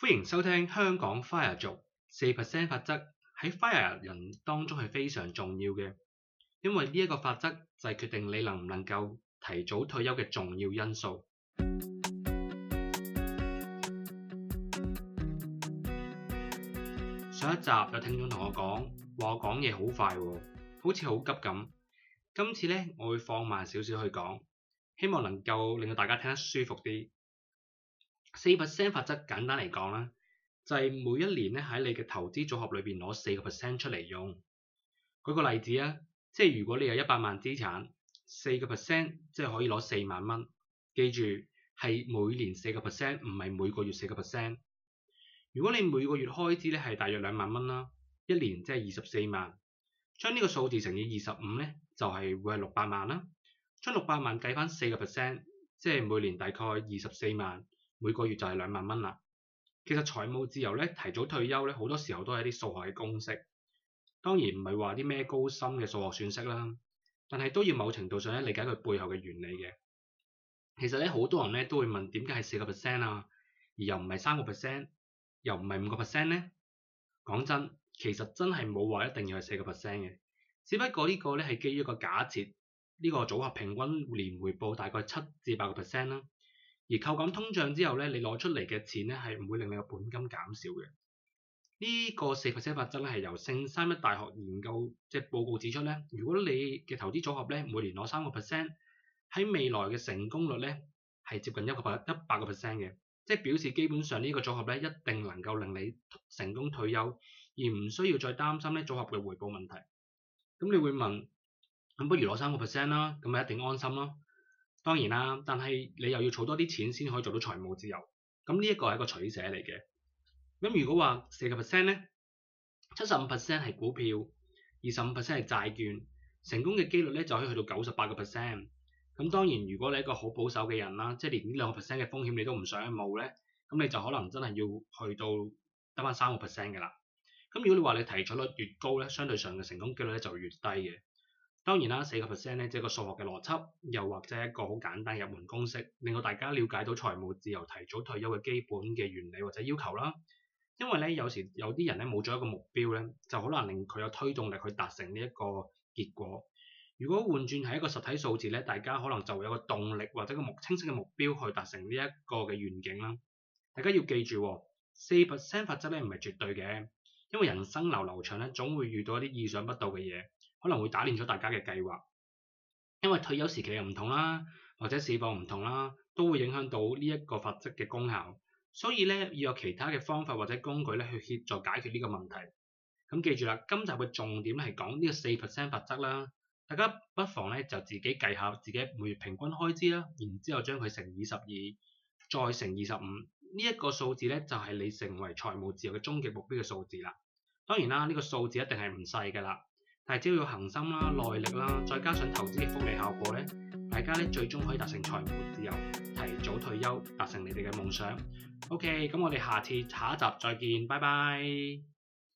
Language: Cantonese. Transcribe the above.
歡迎收聽香港 fire 族，四 percent 法則喺 fire 人當中係非常重要嘅，因為呢一個法則就係決定你能唔能夠提早退休嘅重要因素。上一集有聽眾同我講話，我講嘢好快，好似好急咁。今次咧我會放慢少少去講，希望能夠令到大家聽得舒服啲。四 percent 法則簡單嚟講啦，就係每一年咧喺你嘅投資組合裏邊攞四個 percent 出嚟用。舉個例子啊，即係如果你有一百萬資產，四個 percent 即係可以攞四萬蚊。記住係每年四個 percent，唔係每個月四個 percent。如果你每個月開支咧係大約兩萬蚊啦，一年即係二十四萬，將呢個數字乘以二十五咧，就係會係六百萬啦。將六百萬計翻四個 percent，即係每年大概二十四萬。每個月就係兩萬蚊啦。其實財務自由咧，提早退休咧，好多時候都係啲數學嘅公式。當然唔係話啲咩高深嘅數學算式啦，但係都要某程度上咧理解佢背後嘅原理嘅。其實咧，好多人咧都會問，點解係四個 percent 啊？而又唔係三個 percent，又唔係五個 percent 咧？講真，其實真係冇話一定要係四個 percent 嘅。只不過呢個咧係基於一個假設，呢個組合平均年回報大概七至八個 percent 啦。而扣減通脹之後咧，你攞出嚟嘅錢咧係唔會令你嘅本金減少嘅。呢個四 percent 法則咧係由聖三一大學研究，即係報告指出咧，如果你嘅投資組合咧每年攞三個 percent，喺未來嘅成功率咧係接近一個百一百個 percent 嘅，即係表示基本上呢個組合咧一定能夠令你成功退休，而唔需要再擔心咧組合嘅回報問題。咁你會問，咁不如攞三個 percent 啦，咁咪一定安心咯。當然啦，但係你又要儲多啲錢先可以做到財務自由。咁呢一個係一個取捨嚟嘅。咁如果話四個 percent 咧，七十五 percent 係股票，二十五 percent 係債券，成功嘅機率咧就可以去到九十八個 percent。咁當然如果你係一個好保守嘅人啦，即係連呢兩個 percent 嘅風險你都唔想冒咧，咁你就可能真係要去到得返三個 percent 㗎啦。咁如果你話你提取率越高咧，相對上嘅成功機率咧就越低嘅。當然啦，四個 percent 咧，即係個數學嘅邏輯，又或者係一個好簡單入門公式，令到大家了解到財務自由提早退休嘅基本嘅原理或者要求啦。因為咧，有時有啲人咧冇咗一個目標咧，就好難令佢有推動力去達成呢一個結果。如果換轉係一個實體數字咧，大家可能就會有個動力或者個目清晰嘅目標去達成呢一個嘅願景啦。大家要記住，哦，四 percent 法則咧唔係絕對嘅，因為人生流流長咧，總會遇到一啲意想不到嘅嘢。可能會打亂咗大家嘅計劃，因為退休時期又唔同啦，或者市況唔同啦，都會影響到呢一個法則嘅功效。所以咧要有其他嘅方法或者工具咧去協助解決呢個問題。咁記住啦，今集嘅重點係講呢個四 percent 法則啦，大家不妨咧就自己計下自己每月平均開支啦，然之後將佢乘以十二，再乘二十五，呢一個數字咧就係你成為財務自由嘅終極目標嘅數字啦。當然啦，呢個數字一定係唔細㗎啦。但係只要恒心啦、耐力啦，再加上投資嘅複利效果咧，大家咧最終可以達成財務自由、提早退休、達成你哋嘅夢想。OK，咁我哋下次下一集再見，拜拜。